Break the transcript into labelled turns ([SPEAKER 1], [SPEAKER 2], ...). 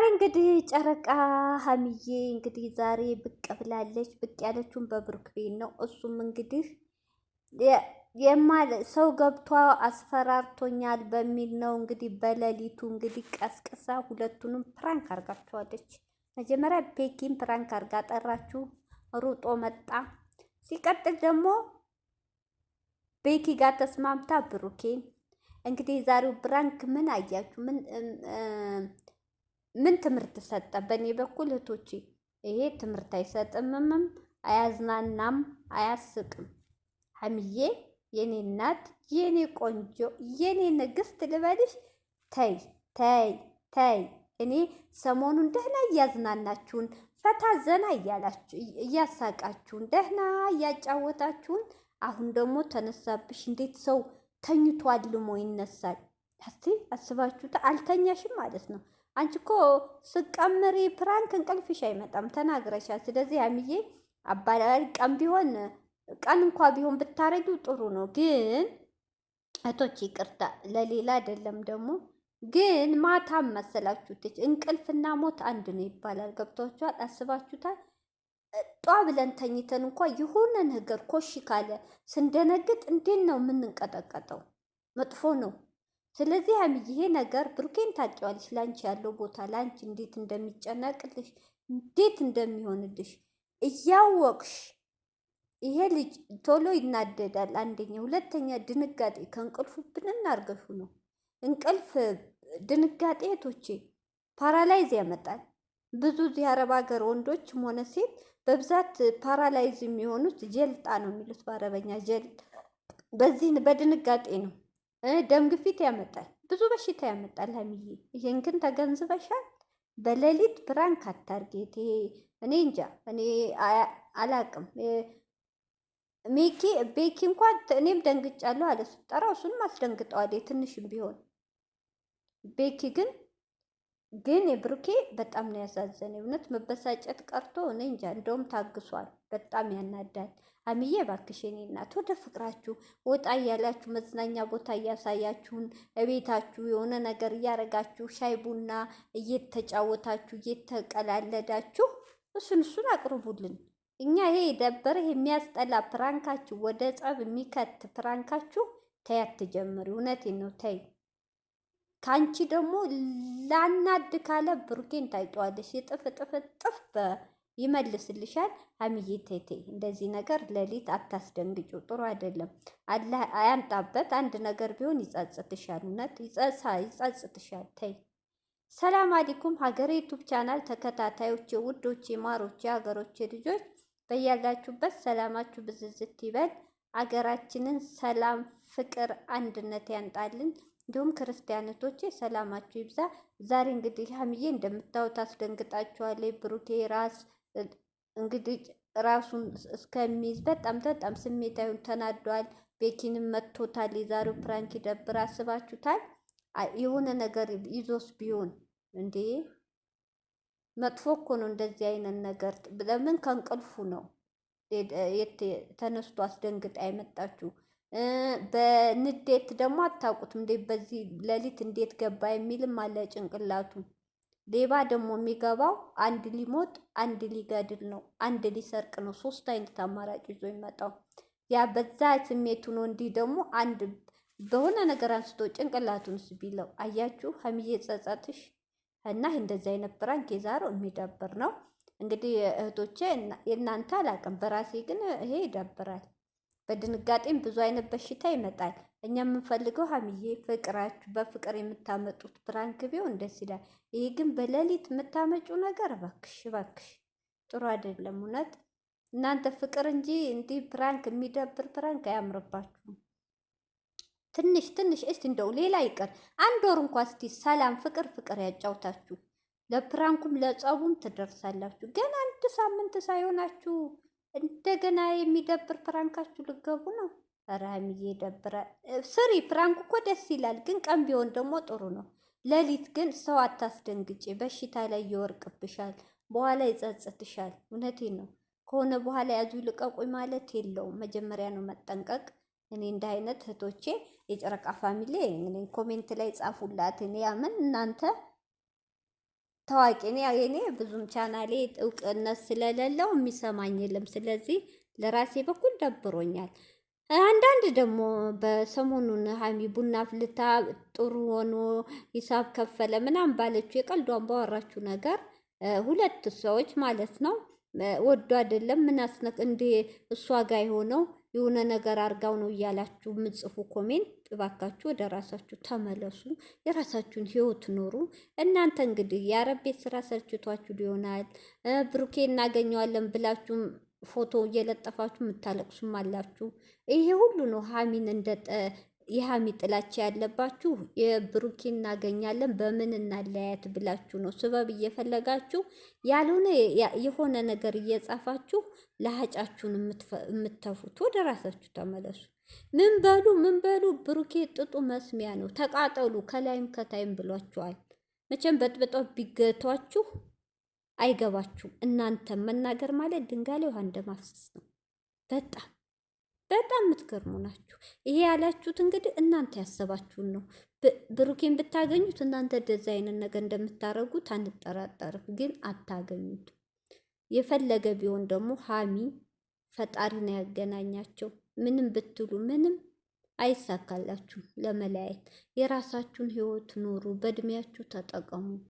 [SPEAKER 1] ዛሬ እንግዲህ ጨረቃ ሀሚዬ እንግዲህ ዛሬ ብቅ ብላለች። ብቅ ያለችውን በብሩክ ቤት ነው። እሱም እንግዲህ የማለ ሰው ገብቷ አስፈራርቶኛል በሚል ነው እንግዲህ በሌሊቱ እንግዲህ ቀስቅሳ ሁለቱንም ፕራንክ አርጋቸዋለች። መጀመሪያ ቤኪን ፕራንክ አርጋ ጠራችሁ፣ ሩጦ መጣ። ሲቀጥል ደግሞ ቤኪ ጋር ተስማምታ ብሩኬን እንግዲህ የዛሬው ብራንክ ምን አያችሁ? ምን ምን ትምህርት ሰጠ? በእኔ በኩል እህቶቼ ይሄ ትምህርት አይሰጥምምም፣ አያዝናናም፣ አያስቅም። ሐሚዬ የኔ እናት፣ የኔ ቆንጆ፣ የኔ ንግስት ልበልሽ። ተይ ተይ ተይ። እኔ ሰሞኑን ደህና እያዝናናችሁን ፈታ ዘና እያሳቃችሁን ደህና እያጫወታችሁን፣ አሁን ደግሞ ተነሳብሽ። እንዴት ሰው ተኝቶ አልሞ ይነሳል? እስቲ አስባችሁታ። አልተኛሽም ማለት ነው አንቺ እኮ ስቀምሪ ፕራንክ እንቅልፍሽ አይመጣም ተናግረሻል። ስለዚህ ሀይሚዬ አባላል ቀን ቢሆን ቀን እንኳ ቢሆን ብታረጊው ጥሩ ነው። ግን እቶች ይቅርታ ለሌላ አይደለም ደግሞ ግን ማታም መሰላችሁት እንቅልፍና ሞት አንድ ነው ይባላል። ገብቷችኋል? አስባችሁታል? ጧ ብለን ተኝተን እንኳ የሆነ ነገር ኮሽ ካለ ስንደነግጥ እንዴት ነው የምንንቀጠቀጠው? መጥፎ ነው። ስለዚህ ሀይሚዬ ይሄ ነገር ብሩኬን ታውቂዋለሽ። ላንቺ ያለው ቦታ ላንቺ እንዴት እንደሚጨነቅልሽ እንዴት እንደሚሆንልሽ እያወቅሽ ይሄ ልጅ ቶሎ ይናደዳል። አንደኛ፣ ሁለተኛ ድንጋጤ ከእንቅልፉ ብንን አርገሹ ነው። እንቅልፍ ድንጋጤ ቶቼ ፓራላይዝ ያመጣል። ብዙ እዚህ አረብ ሀገር ወንዶችም ሆነ ሴት በብዛት ፓራላይዝ የሚሆኑት ጀልጣ ነው የሚሉት በአረበኛ ጀልጥ፣ በዚህ በድንጋጤ ነው። ደም ግፊት ያመጣል፣ ብዙ በሽታ ያመጣል። ሀይሚዬ ይህን ግን ተገንዝበሻል። በሌሊት ብራንክ አታርጌት። እኔ እንጃ እኔ አላቅም። ሜኪ ቤኪ እንኳን እኔም ደንግጫለሁ አለ ስጠራው፣ እሱንም አስደንግጠዋል ትንሽም ቢሆን ቤኪ ግን ግን የብሩኬ በጣም ነው ያሳዘነ። እውነት መበሳጨት ቀርቶ እኔ እንጃ እንደውም ታግሷል። በጣም ያናዳል። ሀይሚዬ እባክሽ የኔ እናት ወደ ፍቅራችሁ ወጣ እያላችሁ መዝናኛ ቦታ እያሳያችሁን እቤታችሁ የሆነ ነገር እያረጋችሁ ሻይ ቡና እየተጫወታችሁ እየተቀላለዳችሁ እሱን እሱን አቅርቡልን። እኛ ይሄ የደበረህ የሚያስጠላ ፕራንካችሁ፣ ወደ ጸብ የሚከት ፕራንካችሁ ተይ አትጀምሪ። እውነቴን ነው ተይ። ከአንቺ ደግሞ ላናድ ካለ ብሩኬን ታይጠዋለሽ የጥፍ ጥፍ ጥፍ ይመልስልሻል። ሀሚዬ ቴቴ እንደዚህ ነገር ሌሊት አታስደንግጩ፣ ጥሩ አይደለም። አላህ አያምጣበት። አንድ ነገር ቢሆን ይጸጽትሻል፣ እውነት ይጸጽትሻል። ተይ። ሰላም አለይኩም ሀገሬ ዩቱብ ቻናል ተከታታዮቼ፣ ውዶቼ፣ ማሮቼ፣ ሀገሮቼ ልጆች በያላችሁበት ሰላማችሁ ብዝዝት ይበል። አገራችንን ሰላም፣ ፍቅር፣ አንድነት ያንጣልን። እንዲሁም ክርስቲያኖቶቼ ሰላማችሁ ይብዛ። ዛሬ እንግዲህ ሀሚዬ እንደምታዩት አስደንግጣችኋለች። ብሩኬ ራስ እንግዲህ ራሱን እስከሚይዝ በጣም በጣም ስሜታዊ ተናዷል። ቤኪንም መጥቶታል። የዛሬው ፕራንክ ይደብር አስባችሁታል። የሆነ ነገር ይዞስ ቢሆን እንዴ! መጥፎ እኮ ነው እንደዚህ አይነት ነገር። ለምን ከእንቅልፉ ነው ተነስቶ አስደንግጣ አይመጣችሁ በንዴት ደግሞ አታውቁትም እንዴ! በዚህ ሌሊት እንዴት ገባ የሚልም አለ ጭንቅላቱ። ሌባ ደግሞ የሚገባው አንድ ሊሞት፣ አንድ ሊገድል ነው፣ አንድ ሊሰርቅ ነው። ሶስት አይነት አማራጭ ይዞ ይመጣው። ያ በዛ ስሜቱ ነው። እንዲህ ደግሞ አንድ በሆነ ነገር አንስቶ ጭንቅላቱንስ ቢለው አያችሁ፣ ሀሚዬ ጸጸትሽ እና እንደዛ አይነት ጌዛሮ የሚደብር ነው። እንግዲህ እህቶቼ የእናንተ አላቅም፣ በራሴ ግን ይሄ ይደብራል። በድንጋጤም ብዙ አይነት በሽታ ይመጣል። እኛ የምንፈልገው ሀሚዬ ፍቅራችሁ በፍቅር የምታመጡት ፕራንክ ቢሆን ደስ ይላል። ይሄ ግን በሌሊት የምታመጩ ነገር እባክሽ እባክሽ ጥሩ አይደለም። እውነት እናንተ ፍቅር እንጂ እንዲህ ፕራንክ የሚደብር ፕራንክ አያምርባችሁም። ትንሽ ትንሽ እስቲ እንደው ሌላ ይቀር አንድ ወር እንኳ እስቲ ሰላም ፍቅር ፍቅር ያጫውታችሁ ለፕራንኩም ለጸቡም ትደርሳላችሁ። ግን አንድ ሳምንት ሳይሆናችሁ እንደገና የሚደብር ፕራንካችሁ ልገቡ ነው። ራሚዬ ይደብራል። ስሪ ፕራንክ እኮ ደስ ይላል፣ ግን ቀን ቢሆን ደግሞ ጥሩ ነው። ሌሊት ግን ሰው አታስደንግጭ፣ በሽታ ላይ ይወርቅብሻል፣ በኋላ ይጸጽትሻል። እውነቴን ነው። ከሆነ በኋላ ያዙ ልቀቁኝ ማለት የለውም። መጀመሪያ ነው መጠንቀቅ። እኔ እንደ አይነት እህቶቼ የጨረቃ ፋሚሊ እንግዲህ ኮሜንት ላይ ጻፉላት። እኔ ያምን እናንተ ታዋቂ እኔ የኔ ብዙም ቻናሌ እውቅነት ስለሌለው የሚሰማኝ የለም። ስለዚህ ለራሴ በኩል ደብሮኛል። አንዳንድ ደግሞ በሰሞኑን ሀሚ ቡና ፍልታ ጥሩ ሆኖ ሂሳብ ከፈለ ምናምን ባለችው የቀልዷን ባወራችው ነገር ሁለት ሰዎች ማለት ነው ወዶ አይደለም ምን አስነቅ እንደ እሷ ጋ የሆነው የሆነ ነገር አርጋው ነው እያላችሁ ምጽፉ ኮሜንት እባካችሁ ወደ ራሳችሁ ተመለሱ። የራሳችሁን ህይወት ኖሩ። እናንተ እንግዲህ የአረብ ቤት ስራ ሰርችቷችሁ ሊሆናል። ብሩኬ እናገኘዋለን ብላችሁ ፎቶ እየለጠፋችሁ የምታለቅሱም አላችሁ። ይሄ ሁሉ ነው ሀሚን እንደ የሀሚ ጥላቻ ያለባችሁ የብሩኬ እናገኛለን በምን እናለያየት ብላችሁ ነው ስበብ እየፈለጋችሁ ያልሆነ የሆነ ነገር እየጻፋችሁ ለሀጫችሁን የምትተፉት። ወደ ራሳችሁ ተመለሱ። ምን በሉ ምን በሉ ብሩኬ ጥጡ መስሚያ ነው። ተቃጠሉ ከላይም ከታይም ብሏችኋል። መቼም በጥብጠው ቢገቷችሁ አይገባችሁም። እናንተም መናገር ማለት ድንጋሌ ውሃ እንደማፍሰስ ነው። በጣም በጣም የምትገርሙ ናችሁ። ይሄ ያላችሁት እንግዲህ እናንተ ያሰባችሁን ነው። ብሩኬን ብታገኙት እናንተ እንደዚህ አይነት ነገር እንደምታደርጉት አንጠራጠርም፣ ግን አታገኙት። የፈለገ ቢሆን ደግሞ ሀሚ ፈጣሪ ነው ያገናኛቸው። ምንም ብትሉ ምንም አይሳካላችሁም ለመለያየት። የራሳችሁን ህይወት ኑሩ፣ በእድሜያችሁ ተጠቀሙ።